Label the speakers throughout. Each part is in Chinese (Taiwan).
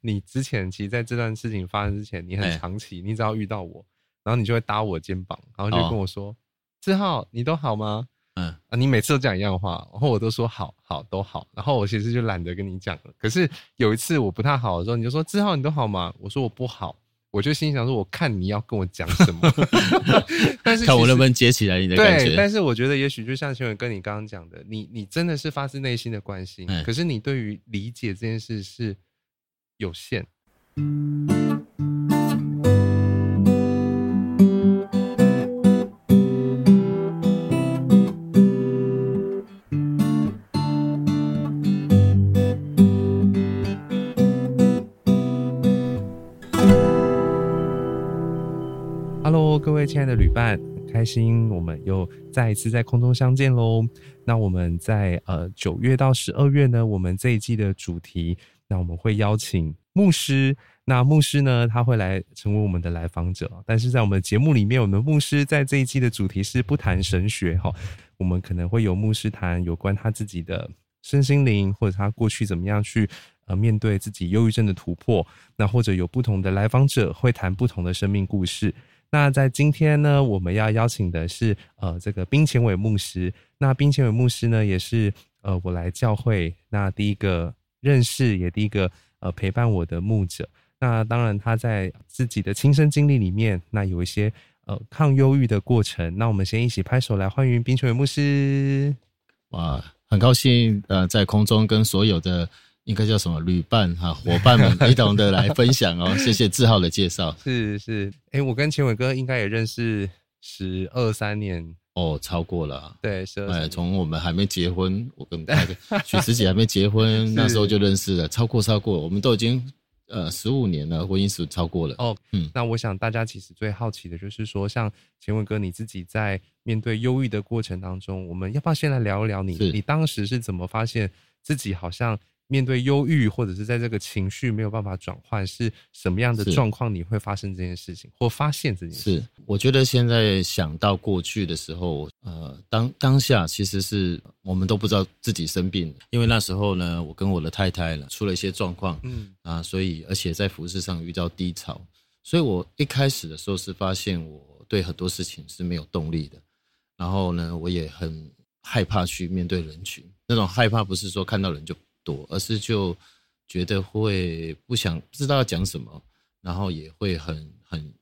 Speaker 1: 你之前其實在這段事情發生之前，你很長期，欸、你只要遇到我，然後你就會搭我肩膀，然後就跟我說：“志浩、哦，你都好嗎？”嗯，啊，你每次都講一樣話，然後我都說好：“好好，都好。”然後我其實就懶得跟你講了。可是有一次我不太好的時候，你就說：“志浩，你都好嗎？”我說：“我不好。”我就心想說：“我看你要跟我講什
Speaker 2: 麼。” 但是看我能不能接起來你的感覺，對。但
Speaker 1: 是我覺得，也許就像前文跟你剛剛講的，你你真的是發自內心的關心，欸、可是你對於理解這件事是。有限。Hello，各位親愛的旅伴，很開心我們又再一次在空中相見嘍。那我們在呃九月到十二月呢，我們這一季的主題。那我們會邀請牧師，那牧師呢，他會來成為我們的來訪者。但是在我們節目裡面，我們牧師在這一季的主題是不談神學哈、哦。我們可能會有牧師談有關他自己的身心靈，或者他過去怎麼樣去呃面對自己憂鬱症的突破。那或者有不同的來訪者會談不同的生命故事。那在今天呢，我們要邀請的是呃這個兵乾瑋牧師。那兵乾瑋牧師呢，也是呃我來教會那第一個。認識也第一個呃陪伴我的牧者，那當然他在自己的親身經歷裡面，那有一些呃抗憂鬱的過程。那我們先一起拍手來歡迎兵乾瑋牧師。
Speaker 2: 哇，很高興呃在空中跟所有的應該叫什麼旅伴哈、啊、夥伴們一同的來分享哦。 謝謝志浩的介紹。
Speaker 1: 是是，欸、我跟乾瑋哥應該也認識十二三年。哦，超過了，對，是，以。從我們還
Speaker 2: 沒結婚，我跟許師姐還沒結婚， 那時候就認識了，是超過，超過，我們都已經呃十五年了，嗯、婚姻，是超過了。哦，嗯，那我想大家其實最好奇的
Speaker 1: 就是說，像乾瑋哥你自己在面對憂鬱的過程當中，我們要不要先來聊一聊你，是你當時是怎麼發現自己好像？面對憂鬱，或者是在這個情緒沒有辦法轉換，是什麼樣的狀況？你會發生這件事情，是或發現這件
Speaker 2: 事情？是，我覺得現在想到過去的時候，呃，當當下，其實是我們都不知道自己生病了，因為那時候呢，我跟我的太太呢出了一些狀況，嗯啊，所以而且在服事上遇到低潮，所以我一開始的時候是發現我對很多事情是沒有動力的，然後呢，我也很害怕去面對人群，那種害怕不是說看到人就。躲，而是就覺得會不想，不知道要講什麼，然後也會很很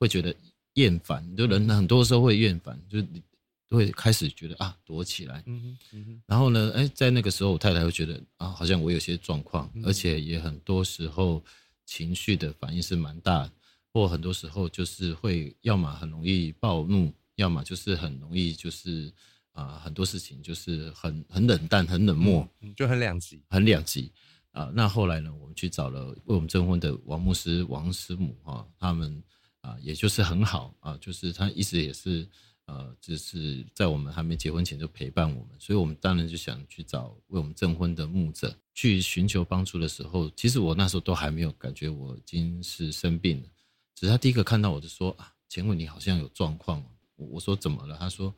Speaker 2: 會覺得厭煩。就人很多時候會厭煩，就是會開始覺得啊，躲起來。嗯嗯、然後呢，哎、欸，在那個時候，我太太會覺得啊，好像我有些狀況，嗯哼，而且也很多時候情緒的反應是蠻大，或很多時候就是會要麼很容易暴怒，要麼就是很容易就是。啊，很多事情就是很很冷淡，很冷漠，嗯、就很兩極、很兩極。啊，那後來呢，我們去找了為我們證婚的王牧師、王師母，哈、啊，他們啊，也就是很好啊，就是他一直也是，呃、啊，只、就是在我們還沒結婚前就陪伴我們，所以我們當然就想去找為我們證婚的牧者去尋求幫助的時候，其實我那時候都還沒有感覺我已經是生病了，只是他第一個看到我就說啊，乾瑋，你好像有狀況，我我說怎麼了？他說。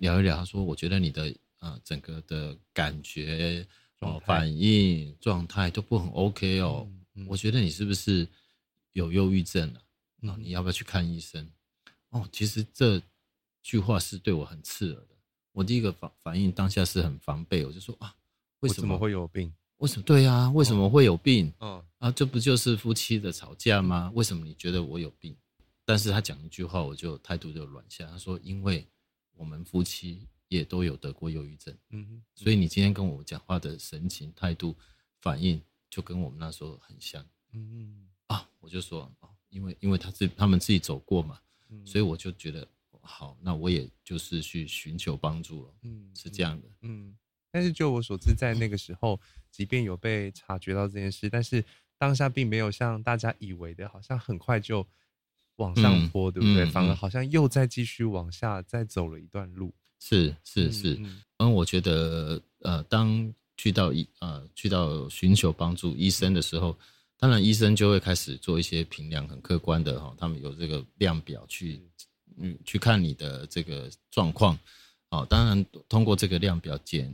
Speaker 2: 聊一聊，他說：“我覺得你的呃，整個的感覺、態反應、狀態都不很 OK 哦。嗯嗯、我覺得你是不是有憂鬱症啊？那你要不要去看醫生？”哦，其實這句話是對我很刺耳的。我第一個反反應當下是很防備，我就說：“啊，為什麼，麼會有病？為什麼對呀、啊？為什麼會有病？啊、哦、啊，這不就是夫妻的吵架嗎？為什麼你覺得我有病？”但是他講一句話，我就態度就軟下。他說：“因為。”我們夫妻也都有得過憂鬱症，嗯，嗯，所以你今天跟我講話的神情、態度、反應，就跟我們那時候很像，嗯嗯哼啊，我就說，哦，因為因為他是他們自己走過嘛，嗯、哼所以我就覺得好，那我也就是去尋求幫助了，嗯哼，是這樣的嗯，嗯，
Speaker 1: 但是就我所知，在那個時候，嗯、即便有被察覺到這件事，但是當下並沒有像大家以為的，好像很快就。往上坡，對不對？嗯嗯嗯、反而好像又再繼續往下，再走了一段路。
Speaker 2: 是是是，是是嗯，嗯，嗯，我覺得呃，當去到一呃，去到尋求幫助醫生的時候，嗯、當然醫生就會開始做一些評量，很客觀的哈、哦，他們有這個量表去嗯，嗯去看你的這個狀況啊、哦。當然通過這個量表檢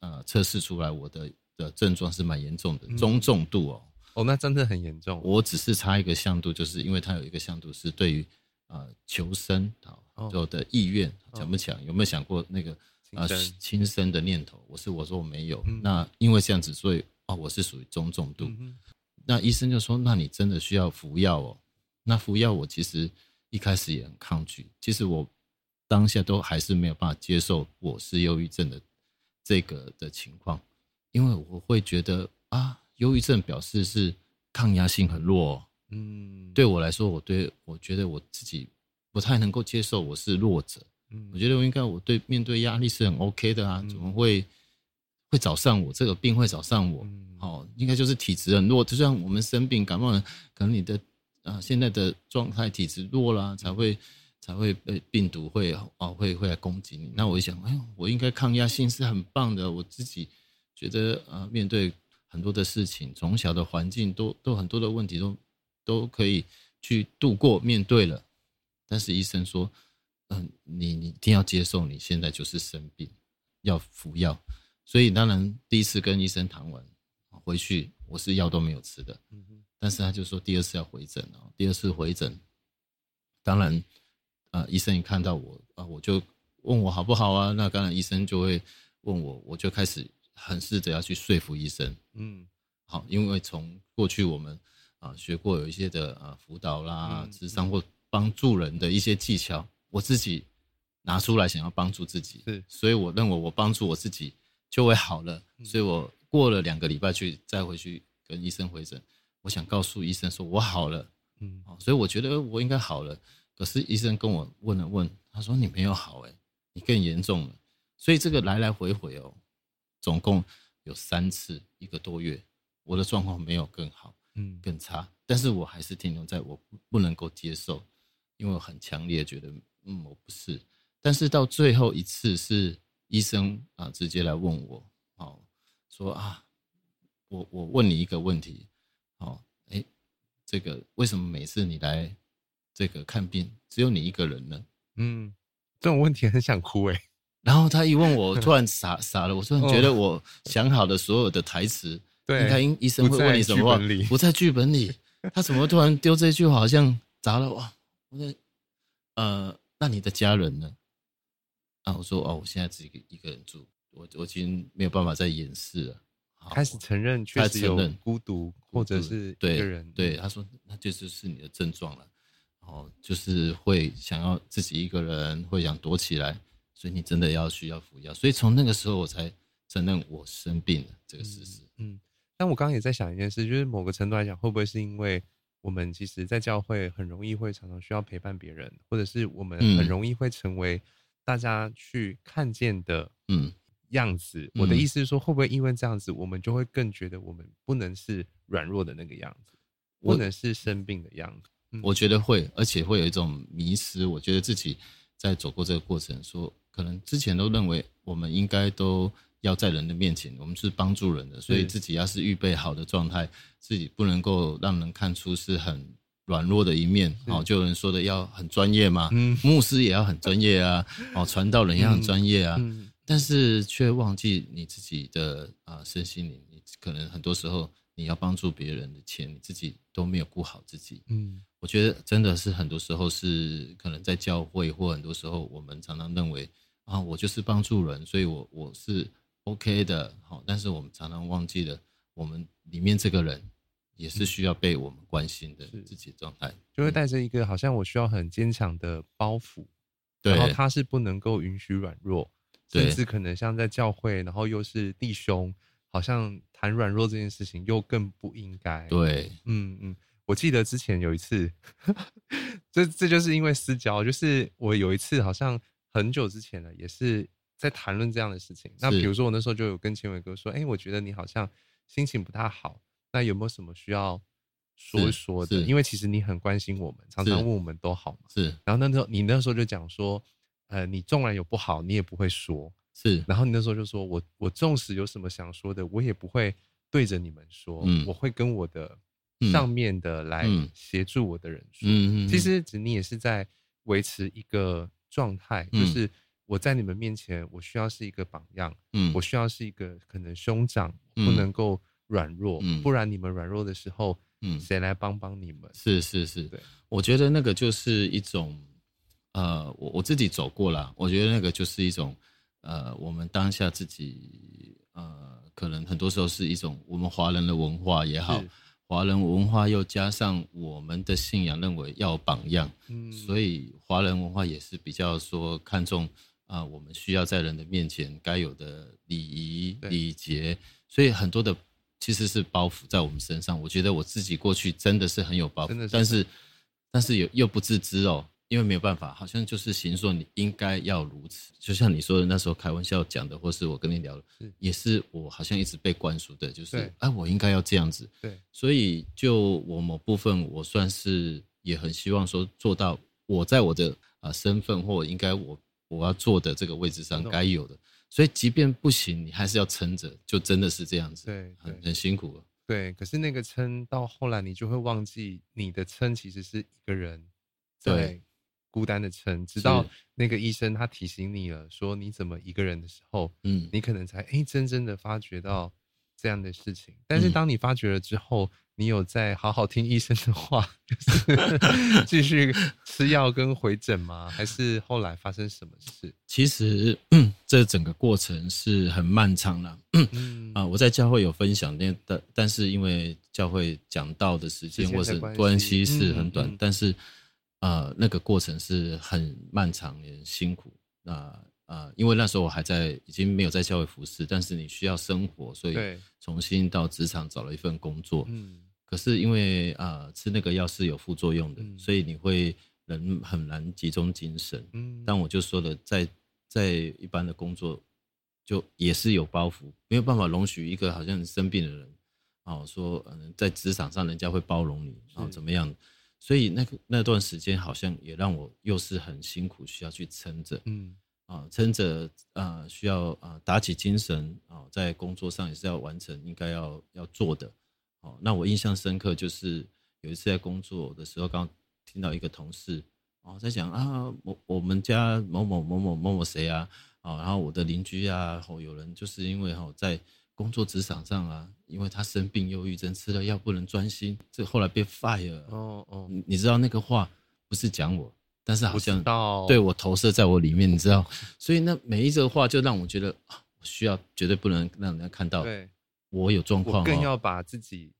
Speaker 2: 呃，測試出來，我的的症狀是蠻嚴重的，嗯、中重度哦。哦，那真的很嚴重，啊。我只是差一個向度，就是因為它有一個向度是對於啊求生啊的意願強、哦哦、不強，有沒有想過那個啊輕生的念頭？我是我說我沒有。嗯、那因為這樣子，所以啊，我是屬於中重度。嗯、哼那醫生就說，那你真的需要服藥哦、喔。那服藥，我其實一開始也很抗拒。其實我當下都還是沒有辦法接受我是憂鬱症的這個的情況，因為我會覺得啊。憂鬱症表示是抗壓性很弱喔。嗯，對我來說，我對我覺得我自己不太能夠接受，我是弱者。嗯，我覺得我應該，我對面對壓力是很 OK 的啊，怎麼會會找上我這個病會找上我？哦，應該就是體質很弱。就像我們生病感冒了，可能你的啊、呃、現在的狀態體質弱了，啊，才會才會被病毒會啊、呃、會會來攻擊你。那我想，哎，我應該抗壓性是很棒的，我自己覺得啊、呃、面對。很多的事情，從小的環境都都很多的問題都，都都可以去度過面對了。但是醫生說，嗯、呃，你你一定要接受，你現在就是生病，要服藥。所以當然，第一次跟醫生談完回去，我是藥都沒有吃的。但是他就說第二次要回診啊，第二次回診，當然，啊、呃，醫生一看到我啊，我就問我好不好啊？那當然，醫生就會問我，我就開始。很試着要去說服醫生，嗯，好，因為從過去我們啊學過有一些的呃輔導啦，諮、嗯、商或幫助人的一些技巧，我自己拿出來想要幫助自己，對是，所以我認為我幫助我自己就會好了，嗯、所以我過了兩個禮拜去再回去跟醫生回診，我想告訴醫生說我好了，嗯，所以我覺得我應該好了，可是醫生跟我問了問，他說你沒有好哎、欸，你更嚴重了，所以這個來來回回哦、喔。總共有三次，一個多月，我的狀況沒有更好，嗯，更差，但是我還是停留在我不能夠接受，因為我很強烈覺得，嗯，我不是。但是到最後一次是醫生啊、呃、直接來問我，哦，說啊，我我問你一個問題，哦，哎、欸，這個為什麼每次你來這個看病只有你一個人呢？嗯，這種
Speaker 1: 問題很想哭哎、欸。然後他一問我，突
Speaker 2: 然傻傻了。我說：“覺得我想好了所有的台詞，對、哦，應該醫生會問你什麼問題。不在,不在劇本裡，他怎麼突然丟這句話，好像砸了我。”我的，呃，那你的家人呢？”然、啊、後我說：“哦，我現在自己一個人住，我我已經沒有辦法再掩飾了，
Speaker 1: 好開始承認，確實有承認實有孤獨，或者是一個人。對”對他說：“
Speaker 2: 那就就是你的症狀了，然後就是會想要自己一個人，會想躲起來。”所以你真的要需要服藥，所以從那個時候我才承認我生病了這個事實。嗯，嗯，但我剛剛也在
Speaker 1: 想一件事，就是某個程度來講，會不會是因為我們其實，在教會很容易會常常需要陪伴別人，或者是我們很容易會成為大家去看見的嗯樣子。嗯，我的意思是說，會不會因為這樣子，我們就會更覺得我們不能是軟弱的那個樣子，我，不能是生病的樣子？
Speaker 2: 嗯，我覺得會，而且會有一種迷失。我覺得自己在走過這個過程，說。可能之前都認為我們應該都要在人的面前，我們是幫助人的，所以自己要是預備好的狀態，是自己不能夠讓人看出是很軟弱的一面，哦是、喔，就有人說的要很專業嘛，嗯，牧師也要很專業啊，哦、 喔，傳道人也很專業啊，嗯嗯，但是卻忘記你自己的啊、呃、身心靈，你可能很多時候你要幫助別人之前你自己都沒有顧好自己，嗯，我覺得真的是很多時候是可能在教會或很多時候我們常常認為。啊，我就是幫助人，所以我我是 OK 的，好。但是我們常常忘記了，我們裡面這個人也是需要被我們關心的。自己的狀態
Speaker 1: 就會帶着一個好像我需要很堅強的包袱，嗯、然後他是不能夠允許軟弱，對 甚至可能像在教會，然後又是弟兄，對 好像談軟弱這件事情又更不應該。對嗯，嗯嗯，我記得之前有一次， 這這就是因為私交，就是我有一次好像。很久之前了，也是在談論這樣的事情。那比如說，我那時候就有跟乾瑋哥說：“哎是、欸，我覺得你好像心情不太好，那有沒有什麼需要說一說的？因為其實你很關心我們，常常問我們都好嗎。是。然後那時候你那時候就講說，呃，你縱然有不好，你也不會說。是。然後你那時候就說：我我縱使有什麼想說的，我也不會對着你們說，嗯、我會跟我的上面的來協助我的人說。嗯，嗯，嗯，嗯，嗯，其實你也是在維持一個。狀態就是我在你們面前，我需要是一個榜樣，嗯，我需要是一個可能兄長，不能夠軟弱，嗯嗯、不然你們軟弱的時候，嗯，誰來幫幫你們？
Speaker 2: 是是是，對，我覺得那個就是一種，呃，我我自己走過啦，我覺得那個就是一種，呃，我們當下自己，呃，可能很多時候是一種我們華人的文化也好。華人文化又加上我們的信仰，認為要榜樣，嗯，所以華人文化也是比較說看重啊，呃，我們需要在人的面前該有的禮儀禮節，所以很多的其實是包袱在我們身上。我覺得我自己過去真的是很有包袱，是但是但是又又不自知哦。因為沒有辦法，好像就是行說你應該要如此，就像你說的那時候開玩笑講的，或是我跟你聊的是也是我好像一直被灌輸的，就是哎對、啊，我應該要這樣子。對，所以就我某部分，我算是也很希望說做到我在我的啊、呃、身份或應該我我要做的這個位置上該有的。No. 所以即便不行，你還是要撐着，就真的是這樣子，對很很辛苦。對，可是那個
Speaker 1: 撐到後來，你就會忘記你的撐其實是一個人，對。對孤單的撐，直到那個醫生他提醒你了，是說你怎麼一個人的時候，嗯，你可能才誒真正的發覺到這樣的事情。嗯、但是當你發覺了之後，你有在好好聽醫生的話，繼 續吃藥跟回診嗎？還是後來發生什麼事？
Speaker 2: 其實、嗯、這整個過程是很漫長的。啊、嗯嗯呃，我在教會有分享，但但但是因為教會講道的時間或是關係是很短，嗯嗯、但是。呃，那個過程是很漫長也很辛苦。那呃，呃，因為那時候我還在，已經沒有在教會服侍，但是你需要生活，所以重新到職場找了一份工作。嗯對，可是因為呃吃那個藥是有副作用的，嗯、所以你會人很難集中精神。嗯、但我就說了，在在一般的工作就也是有包袱，沒有辦法容許一個好像生病的人啊、哦，說嗯、呃、在職場上人家會包容你啊、哦，怎麼樣？所以那個那段時間好像也讓我又是很辛苦，需要去撐着，嗯，啊、哦，撐着，呃，需要啊、呃、打起精神啊、哦，在工作上也是要完成應該要要做的，哦，那我印象深刻就是有一次在工作的時候，剛聽到一個同事哦在講啊，我我們家某某某某某某誰啊，啊、哦，然後我的鄰居啊，後、哦、有人就是因為哈、哦、在。工作職場上啊，因為他生病憂鬱症，吃了藥不能專心，這後來被 fire、哦。哦哦，你知道那個話不是講我，但是好像對我投射在我裡面，知哦、你知道，所以那每一則話就讓我覺得、啊、我需要絕對不能讓人家看到對我有狀況，我更要把自己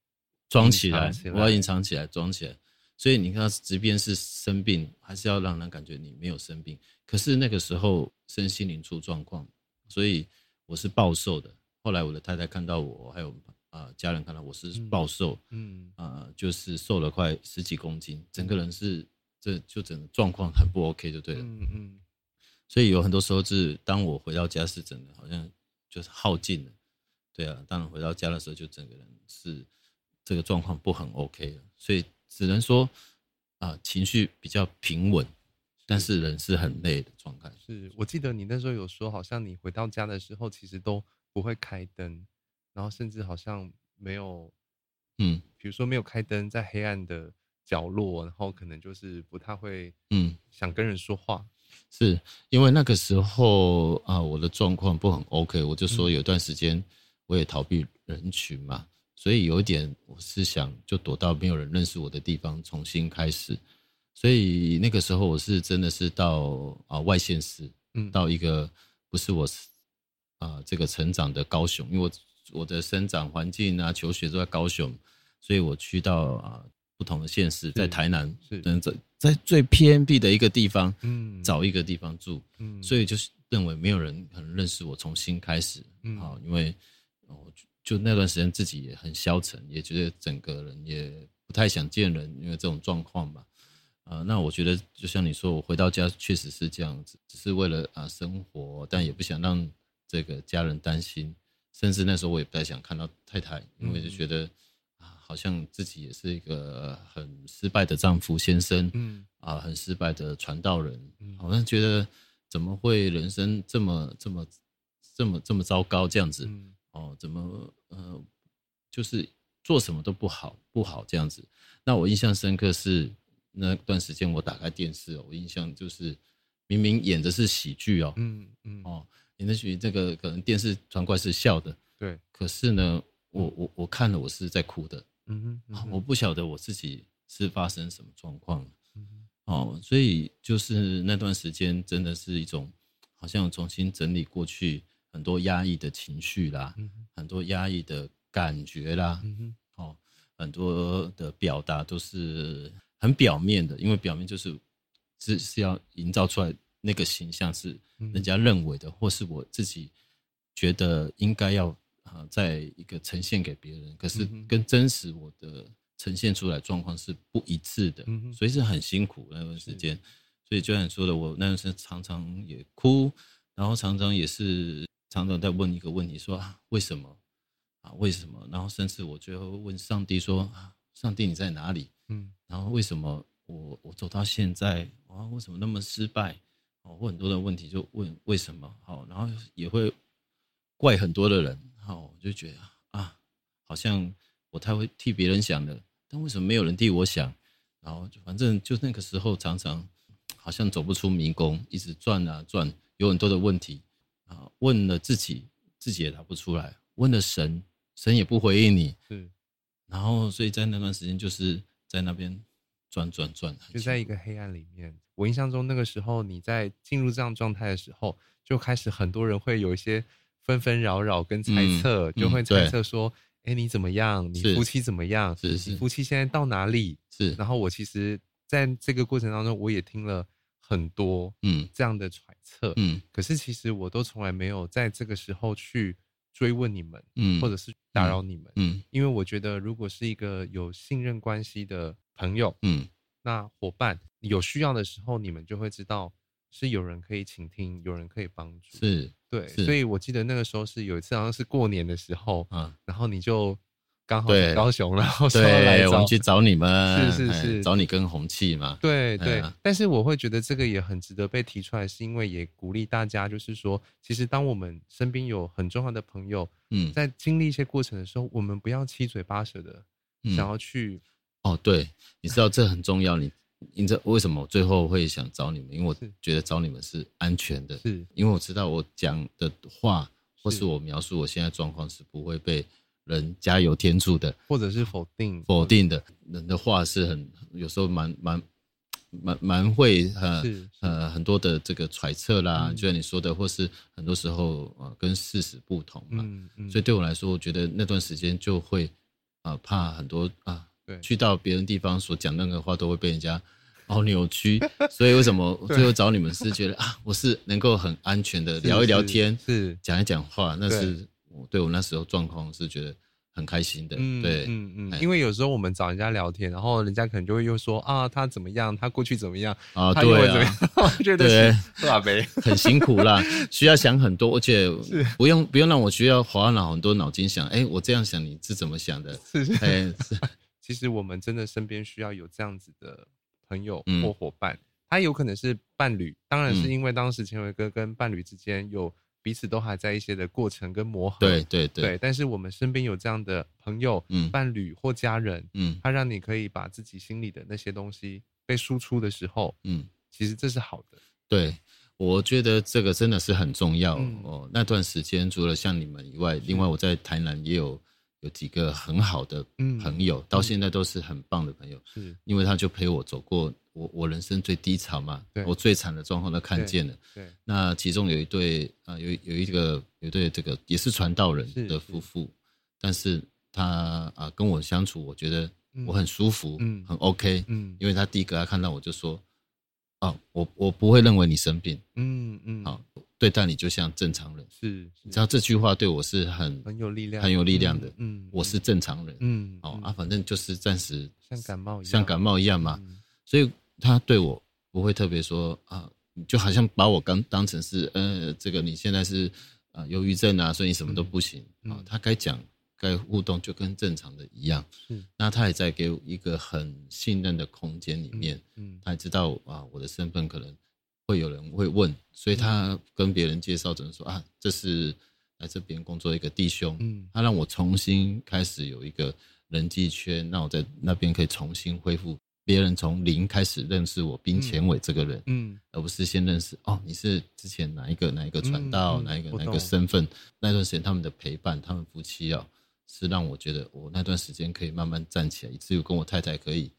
Speaker 2: 裝起來，我要隱藏起來，裝起,起,起,起來。所以你看，即便是生病，還是要讓人感覺你沒有生病。可是那個時候身心靈出狀況，所以我是暴瘦的。後來我的太太看到我，還有啊、呃、家人看到我是暴瘦，嗯啊、嗯呃，就是瘦了快十幾公斤，整個人是這就整個狀況很不 OK，就對了，嗯嗯。嗯，所以有很多時候是，當我回到家是，整個好像就是耗盡了，對啊，當然回到家的時候就整個人是這個狀況不很 OK 了，所以只能說啊、呃、情緒比較平穩，但是人是很累的狀態。
Speaker 1: 是我記得你那時候有說，好像你回到家的時候，其實都。不會開燈，然後甚至好像沒有，嗯，比如說沒有開燈，在黑暗的角落，然後可能就是不太會，嗯，想跟人說話，嗯、
Speaker 2: 是因為那個時候啊，我的狀況不很 OK，我就說有段時間我也逃避人群嘛，嗯、所以有一點我是想就躲到沒有人認識我的地方重新開始，所以那個時候我是真的是到啊外縣市，嗯，到一個不是我。啊、呃，這個成長的高雄，因為我我的生長環境啊，求學都在高雄，所以我去到啊、呃、不同的縣市，在台南等在最偏僻的一個地方，嗯，找一個地方住，嗯，所以就是認為沒有人很認識我，重新開始，嗯，好、哦，因為、呃、就，就那段時間自己也很消沉，也覺得整個人也不太想見人，因為這種狀況嘛，啊、呃，那我覺得就像你說，我回到家確實是這樣子，只是為了啊、呃、生活，但也不想讓。這個家人擔心，甚至那時候我也不太想看到太太，因為就覺得，嗯，啊，好像自己也是一個很失敗的丈夫先生，嗯，啊，很失敗的傳道人，好像覺得怎麼會人生這麼這麼這麼這麼糟糕這樣子？哦，怎麼呃，就是做什麼都不好不好這樣子？那我印象深刻是那段時間我打開電視，我印象就是明明演的是喜劇哦，嗯嗯哦。民政局，這個可能電視傳過來是笑的，對。可是呢，我我我看了，我是在哭的。嗯哼，嗯哼，我不曉得我自己是發生什麼狀況。嗯哼，哦，所以就是那段時間，真的是一種好像重新整理過去很多壓抑的情緒啦，嗯、哼很多壓抑的感覺啦。嗯哼，哦，很多的表達都是很表面的，因為表面就是是是要營造出來的。那個形象是人家認為的，嗯、哼或是我自己覺得應該要啊，在、呃、一個呈現給別人，可是跟真實我的呈現出來狀況是不一致的，嗯、哼所以是很辛苦那段時間。是所以就像你說的，我那段時間常常也哭，然後常常也是常常在問一個問題：說、啊、為什麼啊？為什麼？然後甚至我最後問上帝說：啊、上帝，你在哪裡？嗯，然後為什麼我我走到現在啊？為什麼那麼失敗？問很多的問題，就問為什麼？好，然後也會怪很多的人。好，我就覺得啊，好像我太會替別人想了，但為什麼沒有人替我想？然後，就反正就那個時候，常常好像走不出迷宮，一直轉啊轉，有很多的問題啊，問了自己，自己也答不出來，問了神，神也不回應你。對然後，所以在那段時間，就是在那邊。轉轉轉，鑽鑽鑽，就在
Speaker 1: 一個黑暗裡面。我印象中那個時候，你在進入這樣狀態的時候，就開始很多人會有一些紛紛擾擾跟猜測，嗯、就會猜測說：“哎、嗯欸，你怎麼樣？你夫妻怎麼樣？是是是你夫妻現在到哪裡？”是。然後我其實在這個過程當中，我也聽了很多嗯這樣的揣測、嗯，嗯，可是其實我都從來沒有在這個時候去。追問你們，嗯，或者是打擾你們，嗯，嗯，因為我覺得如果是一個有信任關係的朋友，嗯，那夥伴有需要的時候，你們就會知道是有人可以傾聽，有人可以幫助，是對，是，所以我記得那個時候是有一次好像是過年的時候，嗯、啊，然後你就。剛好高雄了。對然後，說來，我們去找你們，是是是，哎，找
Speaker 2: 你跟紅氣嘛，對對，對哎，呀
Speaker 1: 但是我會覺得這個也很值得被提出來，是因為也鼓勵大家，就是說，其實當我們身邊有很重要的朋友，嗯，在經歷一些過程的時候，我們不要七嘴八舌的，嗯，想要去
Speaker 2: 哦，對，你知道這很重要，你你知道為什麼我最後會想找你們？因為我覺得找你們是安全的，是因為我知道我講的話，或是我描述我現在狀況是不會被。人加油添醋的，或者是否定是否定的人的話是很有時候蠻蠻蠻蠻會呃呃很多的這個揣測啦，嗯、就像你說的，或是很多時候呃跟事實不同嘛，嗯嗯、所以對我來說，我覺得那段時間就會啊、呃、怕很多啊，對，去到別人地方所講那個話都會被人家哦扭曲， 所以為什麼最後找你們是覺得對 啊，我是能夠很安全的聊一聊天，是，是，是講一講話，那是。對我那時候狀況是覺得很開心的，對，嗯嗯，因
Speaker 1: 為有時候我們找人家聊天，然後人家可能就會又說啊，他怎麼樣，他過去怎麼樣啊，他現在
Speaker 2: 怎麼樣？對，很辛苦啦，需要想很多，而且不用不用讓我需要花腦很多腦筋想，哎，我這樣想你是怎麼想的？是，哎，是，
Speaker 1: 其實我們真的身邊需要有這樣子的朋友或夥伴，他有可能是伴侶，當然是因為當時乾瑋哥跟伴侶之間有。彼此都還在一些的過程跟磨合，對對對，對。但是我們身邊有這樣的朋友、伴侶或家人，嗯，嗯，他讓你可以把自己心裡的那些東西被
Speaker 2: 輸出的時候，嗯，其
Speaker 1: 實這是好的。
Speaker 2: 對，我覺得這個真的是很重要，嗯，哦。那段時間除了像你們以外，是另外我在台南也有。有幾個很好的朋友，嗯、到現在都是很棒的朋友。是因為他就陪我走過我我人生最低潮嘛，對我最慘的狀況他看見了。那其中有一對啊、呃，有有一個是有對這個也是傳道人的夫婦，是是但是他啊、呃、跟我相處，我覺得我很舒服，嗯、很 OK、嗯、因為他第一個他看到我就說，哦，我我不會認為你生病，嗯嗯，嗯好。對待你就像正常人是，你知道這句話對我是很很有力量、很有力量的。嗯，我是正常人。嗯，哦啊，反正就是暫時像感冒一樣，像感冒一樣嘛。所以他對我不會特別說啊，就好像把我剛當成是，嗯，這個你現在是啊憂鬱症啊，所以你什麼都不行啊。他該講該互動就跟正常的一樣。嗯，那他也在給我一個很信任的空間裡面。嗯，他也知道啊，我的身份可能，會有人會問，所以他跟別人介紹，只能說啊，這是來這邊工作一個弟兄，他讓我重新開始有一個人際圈，讓我在那邊可以重新恢復別人從零開始認識我兵乾瑋這個人，嗯嗯、而不是先認識哦，你是之前哪一個哪一個傳道、嗯嗯、哪一個哪個身份，那段時間他們的陪伴，他們夫妻啊、喔，是讓我覺得我那段時間可以慢慢站起來，以至於跟我太太可以。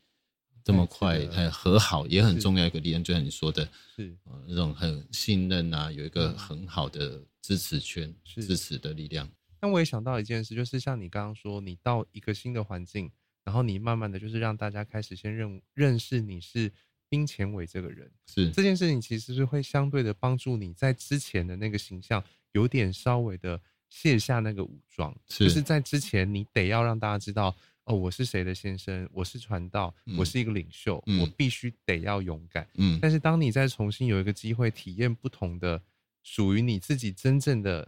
Speaker 2: 這麼快很和好，的也很重要一個力量，的就像你說的，是的、呃、那種很信任啊，有一個很好的支持圈，的支持的力量。
Speaker 1: 那我也想到一件事，就是像你剛剛說，你到一個新的環境，然後你慢慢的，就是讓大家開始先認認識你是兵乾瑋這個人，是這件事情其實是會相對的幫助你在之前的那個形象有點稍微的卸下那個武裝，是就是在之前你得要讓大家知道，哦，我是誰的先生？我是傳道，我是一個領袖，我必須得要勇敢。嗯，但是當你再重新有一個機會體驗不同的屬於你自己真正的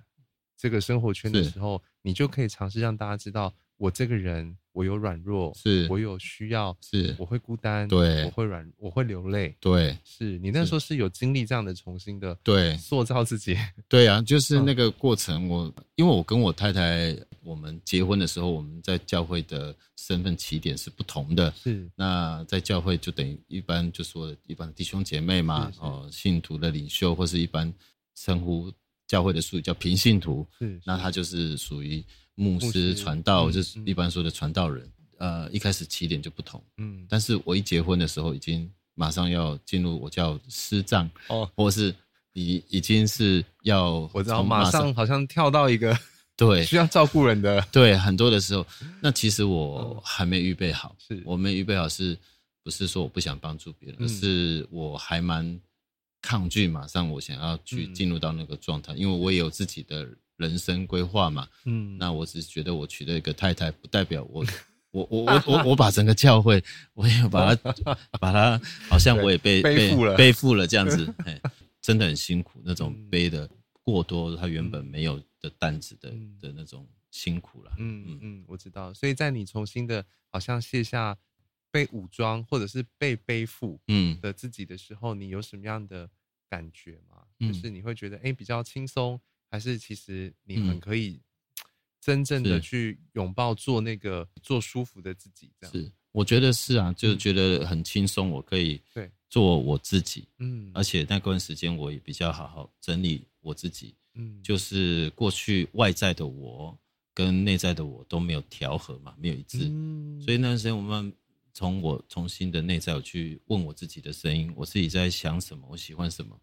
Speaker 1: 這個生活圈的時候，你就可以嘗試讓大家知道，我這個人，我有軟弱，是我有需要，是我會孤單，對我會軟弱，我會流淚。對，是你那時候是有經歷這樣的重新的對，塑造自己。
Speaker 2: 對啊，就是那個過程。我因為我跟我太太。我們結婚的時候，我們在教會的身份起點是不同的。是，那在教會就等於一般就說一般弟兄姐妹嘛，是是，哦，信徒的領袖或是一般稱呼教會的術語叫平信徒。是，是，是，那他就是屬於牧師傳道，師就是一般說的傳道人。嗯嗯、呃，一開始起點就不同。嗯，但是我一結婚的時候，已經馬上要進入我叫師長哦，或是你已經是要我知道馬上
Speaker 1: 好像跳到一個。
Speaker 2: 對，需要照顧人的。對，很多的時候，那其實我還沒預備好。是，我沒預備好，是不是說我不想幫助別人？是，我還蠻抗拒馬上我想要去進入到那個狀態，因為我也有自己的人生規劃嘛。嗯，那我只是覺得我娶了一個太太，不代表我，我，我，我，我，我把整個教會，我也把它，把它，好像我也被背負了，背負了這樣子。哎，真的很辛苦，那種背的。過多，他原本沒有的擔子的、嗯、的那種辛苦了。
Speaker 1: 嗯嗯，嗯嗯我知道。所以在你重新的，好像卸下被武裝或者是被背負嗯的自己的時候，嗯、你有什麼樣的感覺嗎？嗯、就是你會覺得哎、欸、比較輕鬆，還是其實你們可以真正的去擁抱做那個做舒服的自己這樣？是，
Speaker 2: 我覺得是啊，就覺得很輕鬆，我可以對做我自己，嗯，而且那段時間我也比較好好整理。我自己，嗯，就是過去外在的我跟內在的我都沒有調和嘛，沒有一致。嗯，所以那段時間，我們從我重新的內在，我去問我自己的聲音，我自己在想什麼，我喜歡什麼。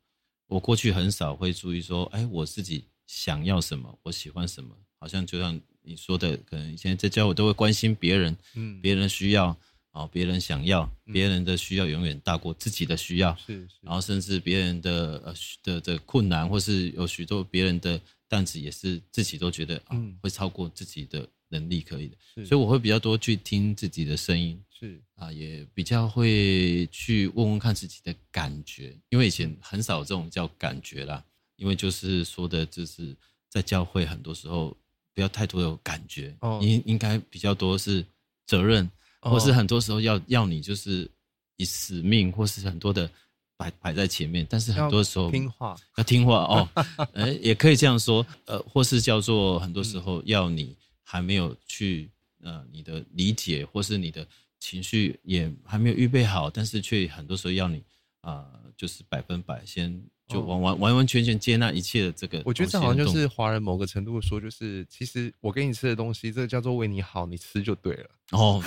Speaker 2: 我過去很少會注意說，哎，我自己想要什麼，我喜歡什麼。好像就像你說的，可能以前在家我都會關心別人，嗯，別人需要，哦，別人想要，別人的需要永遠大過、嗯、自己的需要，是。是然後甚至別人的呃的的困難，或是有許多別人的擔子，也是自己都覺得、嗯、啊，會超過自己的能力可以的。是。所以我會比較多去聽自己的聲音，是啊，也比較會去問問看自己的感覺，因為以前很少這種叫感覺啦，因為就是說的就是在教會很多時候不要太多有感覺，哦、應應該比較多是責任。或是很多時候要要你就是以使命或是很多的擺擺在前面，但是很多時候聽話要聽話，要聽話哦， 呃也可以這樣說，呃或是叫做很多時候要你還沒有去呃你的理解或是你的情緒也還沒有預備好，但是卻很多時候要你啊、呃、就是百分百先。就完完完完全全接納一切的這個的，我覺得這好像就是華人某個程度說，
Speaker 1: 就是其實我給你吃的東西，這個叫做為你好，你吃就對了。
Speaker 2: 哦，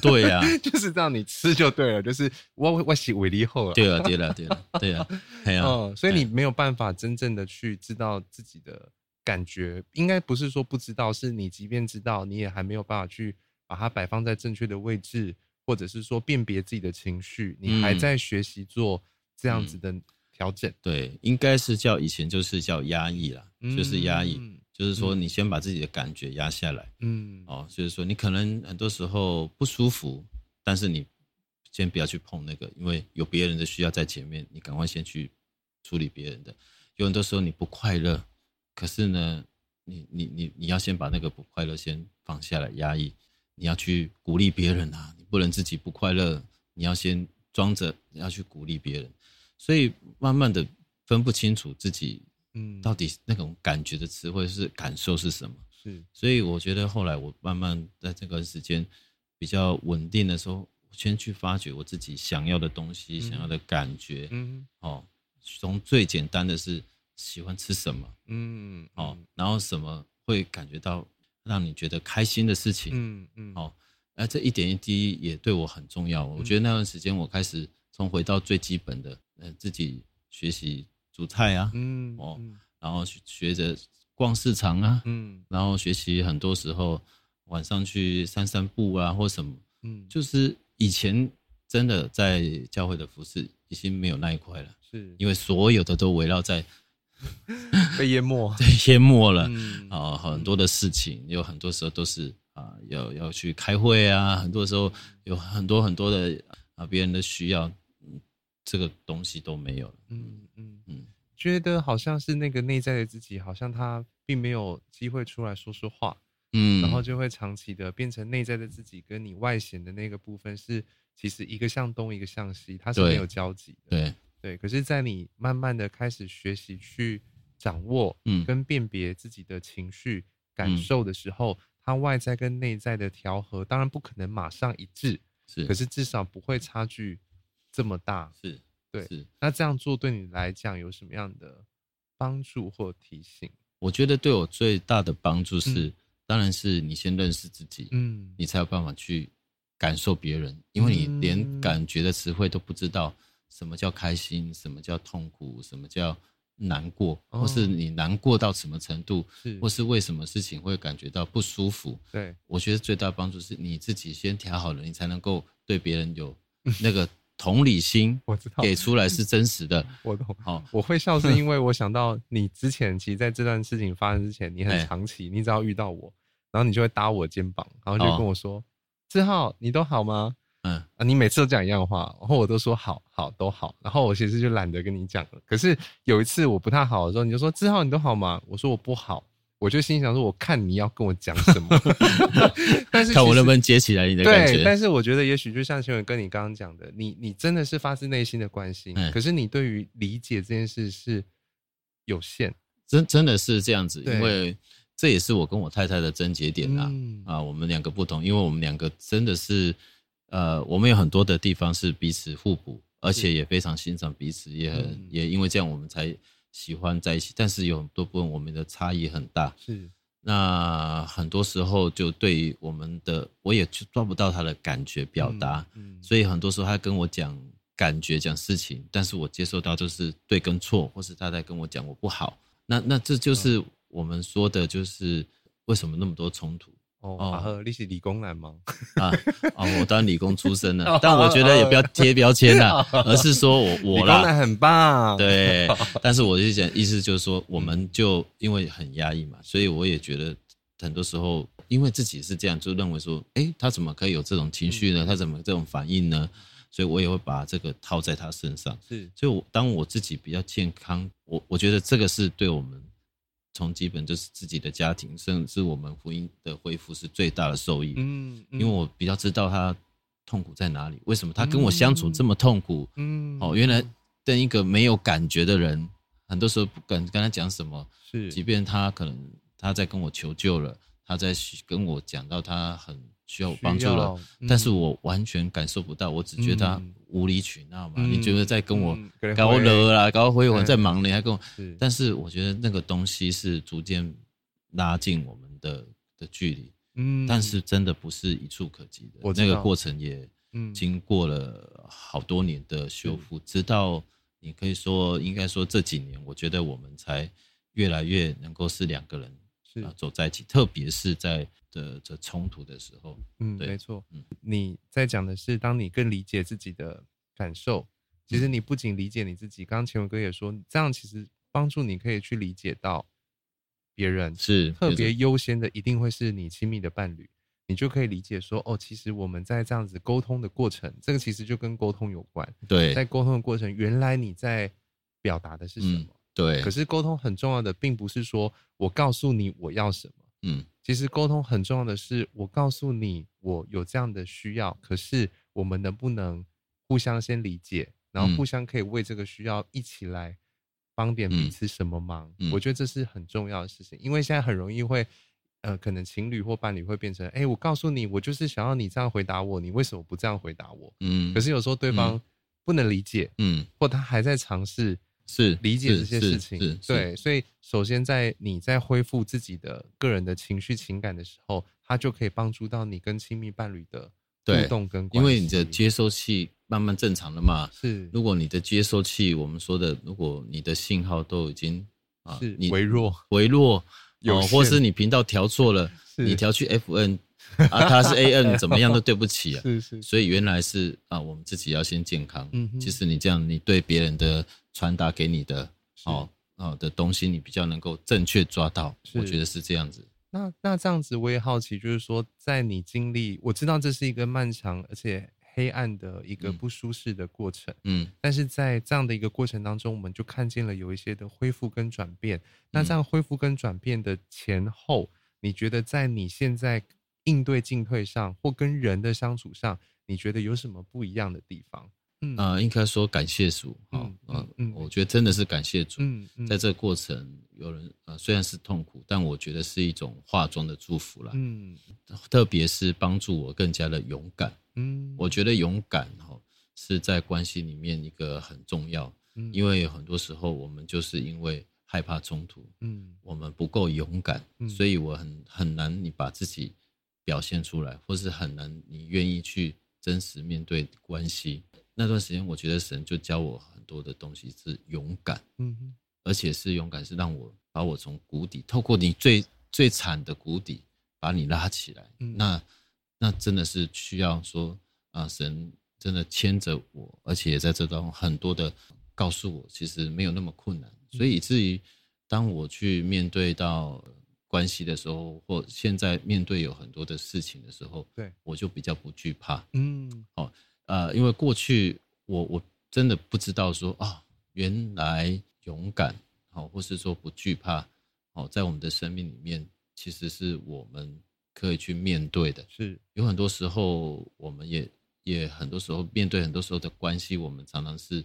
Speaker 2: 對呀、啊，
Speaker 1: 就是這樣你吃就對了，就是我，我是為你好了。對了、啊，對了、啊，對了、啊，對呀、啊，哎呀、 哦，所以你沒有辦法真正的去知道自己的感覺，應該不是說不知道，是你即便知道，你也還沒有辦法去把它擺放在正確的位
Speaker 2: 置，或者是說辨別自己的情緒，你還在學習做這樣子的、嗯。嗯調整對，應該是叫以前就是叫壓抑啦，嗯、就是壓抑，嗯、就是說你先把自己的感覺壓下來，嗯，哦，就是說你可能很多時候不舒服，但是你先不要去碰那個，因為有別人的需要在前面，你趕快先去處理別人的。有很多時候你不快樂，可是呢，你你你你要先把那個不快樂先放下來壓抑，你要去鼓勵別人啊，你不能自己不快樂，你要先裝着，你要去鼓勵別人。所以慢慢的分不清楚自己，嗯，到底那種感覺的詞彙是感受是什麼？是，所以我覺得後來我慢慢在這段時間比較穩定的時候，我先去發掘我自己想要的東西，嗯、想要的感覺，嗯，哦，從最簡單的是喜歡吃什麼，嗯，嗯，哦，然後什麼會感覺到讓你覺得開心的事情，嗯嗯，好、哦呃，這一點一滴也對我很重要。嗯嗯，我覺得那段時間我開始。從回到最基本的，呃，自己學習煮菜啊，嗯，嗯哦，然後學學着逛市場啊，嗯，然後學習很多時候晚上去散散步啊或什麼，嗯，就是以前真的在教會的服侍已經沒有那一塊了，是，因為所有的都圍繞在被淹沒，對， 淹沒了啊，嗯哦，很多的事情有很多時候都是啊，要要去開會啊，很多時候有很多很多的啊別人的需要。這個東西都沒有了嗯，
Speaker 1: 嗯嗯嗯，覺得好像是那個內在的自己，好像他並沒有機會出來說說話，嗯，然後就會長期的變成內在的自己跟你外顯的那個部分是其實一個向東一個向西，它是沒有交集的，對對，對。可是，在你慢慢的開始學習去掌握，嗯，跟辨別自己的情緒感受的時候，嗯嗯，它外在跟內在的調和，當然不可能馬上一致，是，可是至少不會差距。這麼大是，對。那這樣做對你來講有什麼樣的幫助或提醒？
Speaker 2: 我覺得對我最大的幫助是，當然是你先認識自己，嗯，你才有辦法去感受別人，因為你連感覺的詞彙都不知道，什麼叫開心，什麼叫痛苦，什麼叫難過，或是你難過到什麼程度，或是為什麼事情會感覺到不舒服。對。我覺得最大的幫助是你自己先調好了，你才能夠對別人有那個。同理心，我知道給出來是真實的。 我懂，我都好，哦、我會笑是因為我想到你之
Speaker 1: 前， 其實在這段事
Speaker 2: 情發生之前，你很
Speaker 1: 長期，欸、你只要遇到我，然後你就會搭我肩膀，然後就跟我說：“哦、志浩，你都好嗎？”嗯，啊，你每次都講一樣話，然後我都說：“好，好，都好。”然後我其實就懶得跟你講了。可是有一次我不太好的時候，你就說：“志浩，你都好嗎？”我說：“我不好。”我就心想說：“我看你要跟我講什麼，
Speaker 2: 但是看我能不能接起來你的感覺。但是
Speaker 1: 我覺得，也許就像乾瑋跟你剛剛講的，你你真的是發自內心的關心，欸、可是你對於
Speaker 2: 理解這件事是有限，真真真的是這樣子，對 因為這也是我跟我太太的症結點吶、啊。嗯、啊，我們兩個不同，因為我們兩個真的是呃，我們有很多的地方是彼此互補，而且也非常欣賞彼此，也很、嗯、也因為這樣，我們才。”喜歡在一起，但是有很多部分我們的差異很大。是，那很多時候就對於我們的，我也抓不到他的感覺表達。嗯，嗯。所以很多時候他跟我講感覺、講事情，但是我接受到就是對跟錯，或是他在跟我講我不好。那那這就是我們說的就是為什麼那麼多衝突。哦，哦
Speaker 1: 啊、你是理工男嗎？
Speaker 2: 啊，哦、啊，我當然理工出身了， 但我覺得也不要貼標籤的， 而是說我我啦，理工男很棒。對，但是我就想意思就是說，我們就因為很壓抑嘛，所以我也覺得很多時候因為自己是這樣，就認為說，哎、欸，他怎麼可以有這種情緒呢？嗯、他怎麼這種反應呢？所以我也會把這個套在他身上。是，所以我當我自己比較健康，我我覺得這個是對我們。從基本就是自己的家庭，甚至我們婚姻的恢復是最大的受益。嗯，嗯，因為我比較知道他痛苦在哪裡，為什麼他跟我相處這麼痛苦？嗯，嗯，哦，原來跟一個沒有感覺的人，很多時候不敢跟他講什麼。是，即便他可能他在跟我求救了，他在跟我講到他很。需要我幫助了，哦嗯、但是我完全感受不到，我只覺得他無理取鬧嘛。嗯、你覺得在跟我搞樂啦，搞回、嗯、我、在、嗯、忙呢，還跟我。是，但是我覺得那個東西是逐漸拉近我們的的距離，嗯，但是真的不是一蹴可及的。我那個過程也經過了好多年的修復，嗯、直到你可以說，應該說這幾年，我覺得我們才越來越能夠是兩個人。是啊，走在一起，特別是在這這衝突的時候，對嗯，沒錯，嗯、你
Speaker 1: 在講的是，當你更理解自己的感受，其實你不僅理解你自己，剛剛乾瑋哥也說，這樣其實幫助你可以去理解到別人，是特別優先的，一定會是你親密的伴侶，你就可以理解說，哦，其實我們在這樣子溝通的過程，這個其實就跟溝通有關，對，在溝通的過程，原來你在表達的是什麼？嗯對，可是溝通很重要的，並不是說我告訴你我要什麼，嗯，其實溝通很重要的是我告訴你我有這樣的需要，可是我們能不能互相先理解，然後互相可以為這個需要一起來幫點彼此什麼忙？嗯嗯嗯、我覺得這是很重要的事情，因為現在很容易會，呃，可能情侶或伴侶會變成，哎、欸，我告訴你，我就是想要你這樣回答我，你為什麼不這樣回答我？嗯，嗯，可是有時候對方不能理解，嗯，嗯，或他還在嘗試。
Speaker 2: 是，是，是，是，是理解這些事情，是是
Speaker 1: 對，所以首先在你在恢復自己的個人的情緒情感的時候，它就可以幫助到你跟親密伴侶的互動跟關。因為你
Speaker 2: 的接收器慢慢正常了嘛，是。如果你的接收器，我們說的，如果你的信號都已經啊，是你，微弱、微弱限，有，或是你頻道調錯了，是你調去 FM。 啊，他是 A N，怎麼樣都對不起啊！ 是是，所以原來是啊，我們自己要先健康。嗯，其實你這樣，你對別人的傳達給你的，哦好的東西，你比較能夠正確抓到。我覺得是這樣子。
Speaker 1: 那那這樣子，我也好奇，就是說，在你經歷，我知道這是一個漫長而且黑暗的一個不舒適的過程。嗯，但是在這樣的一個過程當中，我們就看見了有一些的恢復跟轉變。那這樣恢復跟轉變的前後，你覺得在你現在？應對進退上或跟人的相處上，你覺得有什麼不一樣的地方？
Speaker 2: 嗯，啊、呃，應該說感謝主啊、哦嗯，嗯嗯、呃，我覺得真的是感謝主。嗯，嗯在這個過程，有人啊、呃，雖然是痛苦，但我覺得是一種化妝的祝福啦。嗯，特別是幫助我更加的勇敢。嗯，我覺得勇敢哈、哦、是在關係裡面一個很重要。嗯，因為有很多時候我們就是因為害怕衝突，嗯，我們不夠勇敢，嗯、所以我很很難你把自己。表現出來，或是很難，你願意去真實面對關係，那段時間，我覺得神就教我很多的東西，是勇敢，嗯、哼而且是勇敢，是讓我把我從谷底，透過你最最慘的谷底，把你拉起來。嗯、那那真的是需要說啊，神真的牽着我，而且在這當中很多的告訴我，其實沒有那麼困難。所以以至於當我去面對到。關係的時候，或現在面對有很多的事情的時候，對，我就比較不懼怕。嗯，好、哦，呃，因為過去我我真的不知道說啊、哦，原來勇敢，好、哦，或是說不懼怕，好、哦，在我們的生命裡面，其實是我們可以去面對的。是，有很多時候，我們也也很多時候面對很多時候的關係，我們常常是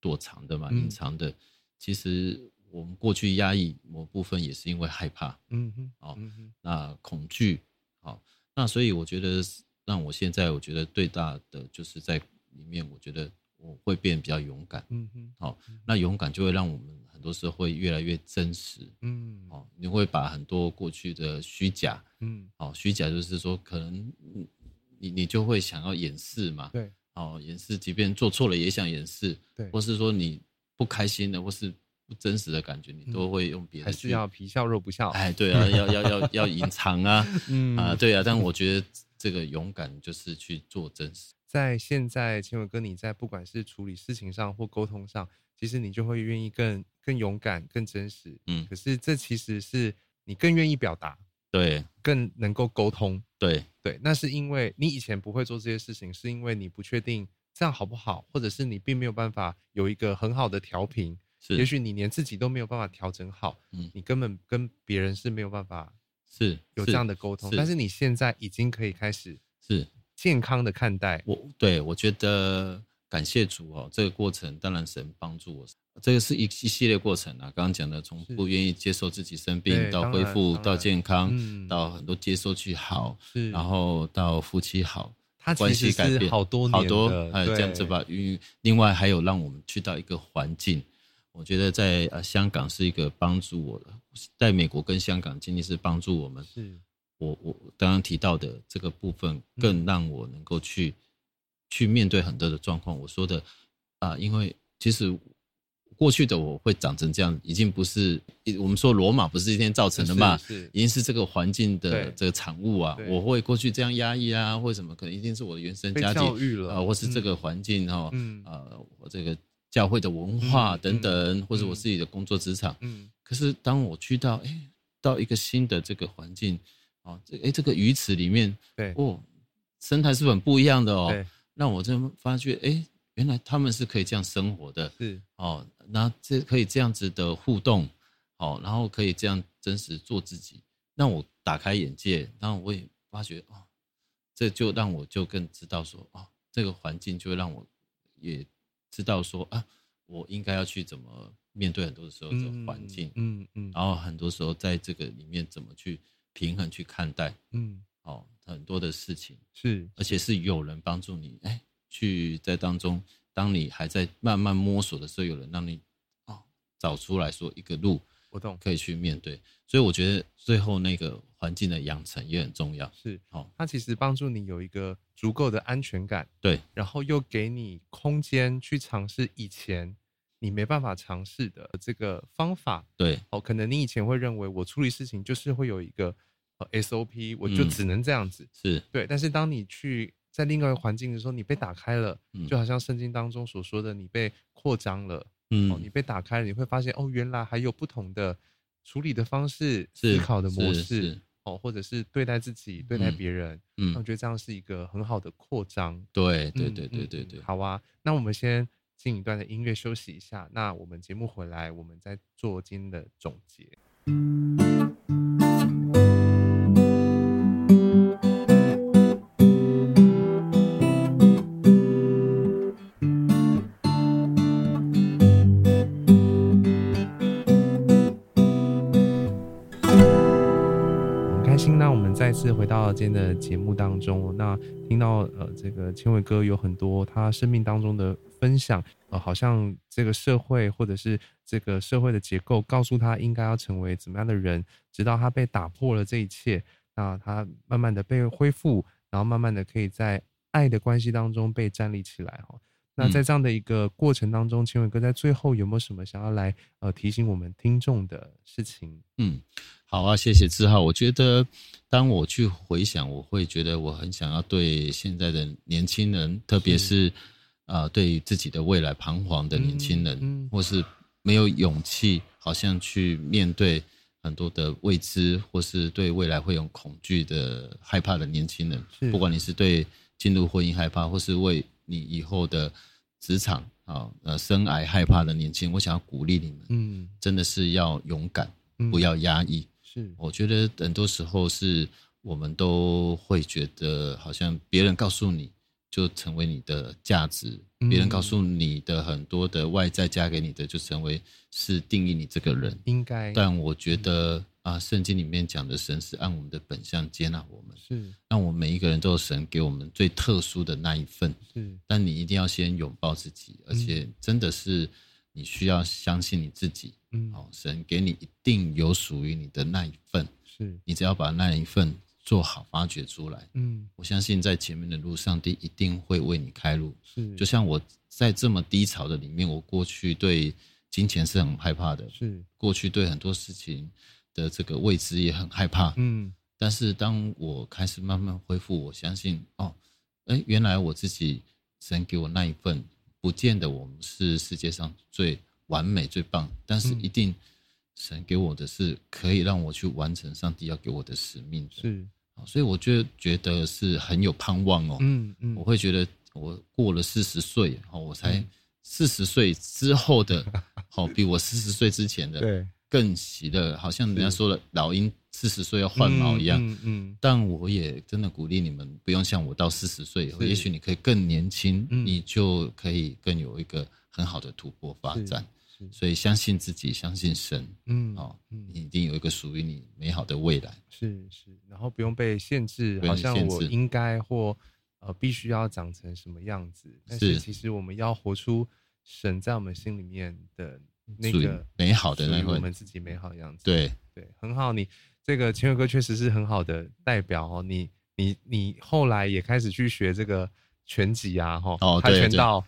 Speaker 2: 躲藏的嘛，嗯，隱藏的。其實。我們過去壓抑某部分也是因為害怕，嗯哼，哦、嗯哼那恐懼、哦，那所以我覺得讓我現在我覺得最大的就是在裡面，我覺得我會變得比較勇敢，嗯哼，哦、嗯哼那勇敢就會讓我們很多時候會越來越真實，嗯哼、哦，你會把很多過去的虛假，嗯，哦，虛假就是說可能你你就會想要掩飾嘛，對，哦，掩飾，即便做錯了也想掩飾，對，或是說你不開心的，或是。不真實的感覺，你都會用別的還是要
Speaker 1: 皮笑肉不笑。哎，對啊，要要要要隱藏啊， 嗯、啊，對啊。但
Speaker 2: 我覺得這個勇敢就是去做真實。
Speaker 1: 在現在，乾瑋哥，你在不管是處理事情上或溝通上，其實你就會願意更更勇敢、更真實。嗯，可是這其實是你更願意表達對，更能夠溝通。對對，那是因為你以前不會做這些事情，是因為你不確定這樣好不好，或者是你並沒有辦法有一個很好的調頻。也許你連自己都沒有辦法調整好，嗯，你根本跟別人是沒有辦法
Speaker 2: 是有這樣的溝通。但是
Speaker 1: 你現在已經可以開始是健康的看待
Speaker 2: 我，對，我覺得感謝主哦，這個過程當然神幫助我，這個是一一系列過程啊。剛剛講的，從不願意接受自己生病到恢復到健康，到很多接受去好，然後到夫妻好，他關係改變好多好多，哎，這樣子吧。因為另外還有讓我們去到一個環境。我覺得在呃香港是一個幫助我的，在美國跟香港經歷是幫助我們。我我剛剛提到的這個部分，更讓我能夠去，去面對很多的狀況。我說的，啊，因為其實過去的我會長成這樣，已經不是我們說羅馬不是一天造成的嘛，已經是這個環境的這個產物啊。我會過去這樣壓抑啊，或什麼，可能一定是我的原生家庭啊，或是這個環境哦，啊，我這個。教會的文化等等，嗯嗯、或者我自己的工作職場，嗯，嗯可是當我去到，誒，到一個新的這個環境，哦，這誒，這個魚池裡面，對哦，生態是，是很不一樣的哦。那對我就發覺，誒，原來他們是可以這樣生活的，是哦。那這可以這樣子的互動，哦，然後可以這樣真實做自己，讓我打開眼界。那我也發覺哦，這就讓我就更知道說，哦，這個環境就讓我也。知道說啊，我應該要去怎麼面對很多的時候這種環境，嗯嗯，嗯嗯，然後很多時候在這個裡面怎麼去平衡去看待，嗯，哦，很多的事情是，而且是有人幫助你，哎，去在當中，當你還在慢慢摸索的時候，有人讓你哦找出來說一個路。活動可以去面對，所以我覺得最後那個環境的養成也很重要。是，好，哦，它其實幫助你有一個足夠的安全
Speaker 1: 感，對，然後又給你空間去嘗試以前你沒辦法嘗試的這個方法，對，哦，可能你以前會認為我處理事情就是會有一個 SOP，嗯，我就只能這樣子，是，對，但是當你去在另外一個環境的時候，你被打開了，嗯，就好像聖經當中所說的，你被擴張了。嗯哦、你被打開了，你會發現哦，原來還有不同的處理的方式、是思考的模式哦，或者是對待自己、嗯、對待別人。嗯、啊，我覺得這樣是一個很好的擴張。對，嗯、對對對對對、嗯、好啊。那我們先進一段的音樂休息一下。那我們節目回來，我們再做今天的總結。到今天的節目當中，那聽到呃，這個乾瑋哥有很多他生命當中的分享，呃，好像這個社會或者是這個社會的結構告訴他應該要成為怎麼樣的人，直到他被打破了這一切，那他慢慢的被恢復，然後慢慢的可以在愛的關係當中被站立起來哈。嗯、那在這樣的一個過程當中，乾瑋哥在最後有沒有什麼想要來呃提醒我們聽眾的事情？
Speaker 2: 嗯。好啊，謝謝志浩。我覺得當我去回想，我會覺得我很想要對現在的年輕人，是特別是啊、呃，對自己的未來彷徨的年輕人，嗯嗯、或是沒有勇氣，好像去面對很多的未知，或是對未來會有恐懼的、害怕的年輕人。是不管你是對進入婚姻害怕，或是為你以後的職場啊、呃生涯害怕的年輕人，我想要鼓勵你們，嗯，真的是要勇敢，不要壓抑。嗯是我覺得很多時候是我們都會覺得，好像別人告訴你就成為你的價值，嗯、別人告訴你的很多的外在加給你的，就成為是定義你這個人。應該。但我覺得、嗯、啊，聖經裡面講的神是按我們的本相接納我們，是。那我們每一個人都有神給我們最特殊的那一份。是。但你一定要先擁抱自己，而且真的是你需要相信你自己。嗯嗯嗯，哦，神給你一定有屬於你的那一份，是，你只要把那一份做好，發掘出來。嗯，我相信在前面的路上，上帝一定會為你開路。是，就像我在這麼低潮的裡面，我過去對金錢是很害怕的，是，過去對很多事情的這個未知也很害怕。嗯，但是當我開始慢慢恢復，我相信，哦，哎，原來我自己神給我那一份，不見得我們是世界上最。完美最棒，但是一定神給我的是可以讓我去完成上帝要給我的使命的。是。所以我就覺得是很有盼望哦。嗯嗯，嗯，我會覺得我過了四十歲，我才四十歲之後的，好、嗯哦，比我四十歲之前的更喜樂，好像人家說了，老鷹四十歲要換毛一樣。嗯嗯，嗯嗯，但我也真的鼓勵你們，不用像我到四十歲，是也許你可以更年輕，你就可以更有一個很好的突破發展。是所以相信自己，相信神，嗯，哦，你一定有一個屬於你美好的未來。是
Speaker 1: 是，然後不用被限制，限制好像我應該或呃必須要長成什麼樣子。是，是。但是其實我們要活出神在我們心裡面的那個美好的那個我們自己美好的樣子。對對，很好你。你這個乾瑋哥確實是很好的代表哦。你你你後來也開始去學這個拳
Speaker 2: 擊啊，哈、哦，跆拳道。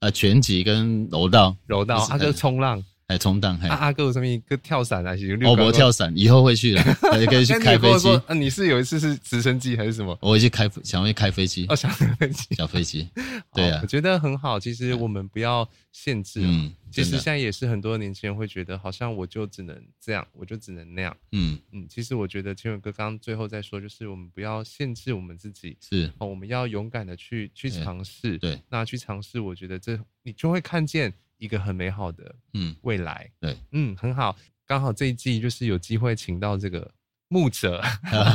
Speaker 2: 呃，拳擊跟柔道，柔道是，他、啊、就衝、是、浪。還衝浪、啊，還
Speaker 1: 阿阿哥上面一個跳傘啊，行，六百。哦，我跳傘
Speaker 2: 以後會去的， 可以去開飛機。那 、
Speaker 1: 啊你，啊、你是有一次是直升機還是什麼？我會去開，
Speaker 2: 想要去開飛機，哦，想開
Speaker 1: 飛機小飛機，小飛機，對呀、啊哦，我覺得很好。其實我們不要限制，嗯，其實現在也是很多年輕人會覺得，好像我就只能這樣，我就只能那樣，嗯嗯。其實我覺得乾瑋哥剛剛最後在說，就是我們不要限制我們自己，是、哦，我們要勇敢的去去嘗試、欸，對，那去嘗試，我覺得這你就會看見。一個很美好的嗯未來，嗯、對，嗯很好，剛好這一季就是有機會請到這個牧者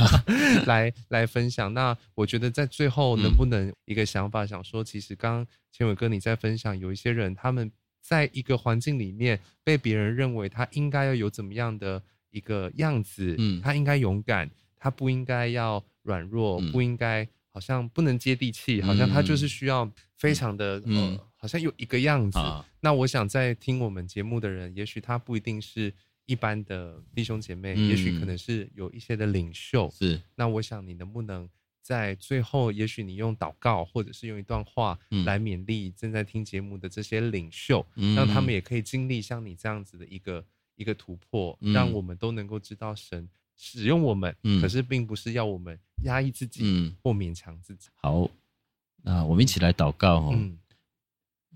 Speaker 1: 來 來分享。那我覺得在最後能不能，一個想法，嗯、想說，其實剛剛乾瑋哥你在分享，有一些人他們在一個環境裡面被別人認為他應該要有怎麼樣的一個樣子，嗯，他應該勇敢，他不應該要軟弱，嗯、不應該。好像不能接地氣，嗯、好像他就是需要非常的，嗯、呃，好像有一個樣子。啊、那我想在聽我們節目的人，也許他不一定是一般的弟兄姐妹，嗯、也許可能是有一些的領袖。是，那我想你能不能在最後，也許你用禱告，或者是用一段話來勉勵正在聽節目的這些領袖，嗯、讓他們也可以經歷像你這樣子的一個一個突破，讓我們都能夠知道神使用我們，可是並不是要我們壓抑自己，或勉強自己、嗯。
Speaker 2: 好，那我們一起來禱告哦。嗯、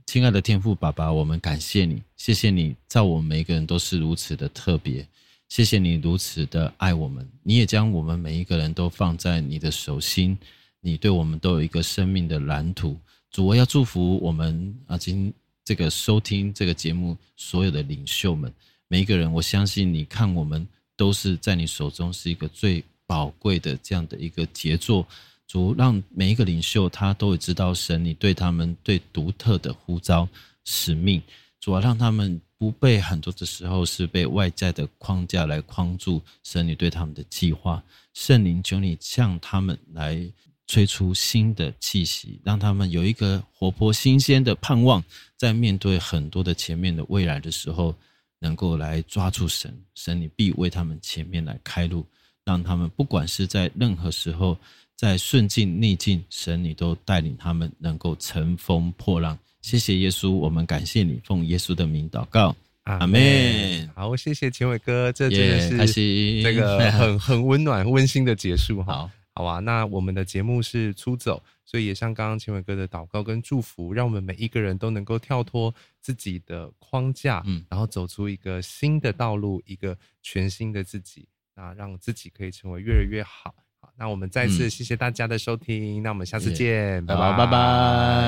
Speaker 2: 親愛的天父爸爸，我們感謝你，謝謝你，造我們每一個人都是如此的特別，謝謝你如此的愛我們，你也將我們每一個人都放在你的手心，你對我們都有一個生命的藍圖。主啊，要祝福我們啊，今這個收聽這個節目所有的領袖們，每一個人，我相信你看我們。都是在你手中是一個最寶貴的這樣的一個傑作，主讓每一個領袖他都會知道神你對他們對獨特的呼召使命，主要、啊、讓他們不被很多的時候是被外在的框架來框住神你對他們的計劃，聖靈求你向他們來吹出新的氣息，讓他們有一個活潑新鮮的盼望，在面對很多的前面的未來的時候。能夠來抓住神，神你必為他們前面來開路，讓他們不管是在任何時候，在順境逆境，神你都帶領他們能夠乘風破浪。謝謝耶穌，我們感謝你，奉耶穌的名禱告，阿們。
Speaker 1: 好，謝謝乾瑋哥，這真的是那、yeah, 個很很溫暖、溫馨的結束哈。好好啊，那我們的節目是出走，所以也像剛剛乾瑋哥的禱告跟祝福，讓我們每一個人都能夠跳脫自己的框架，嗯，然後走出一個新的道路，一個全新的自己，啊，讓自己可以成為越來越好。好，那我們再次謝謝大家的收聽，嗯，那我們下次見，拜拜，拜拜。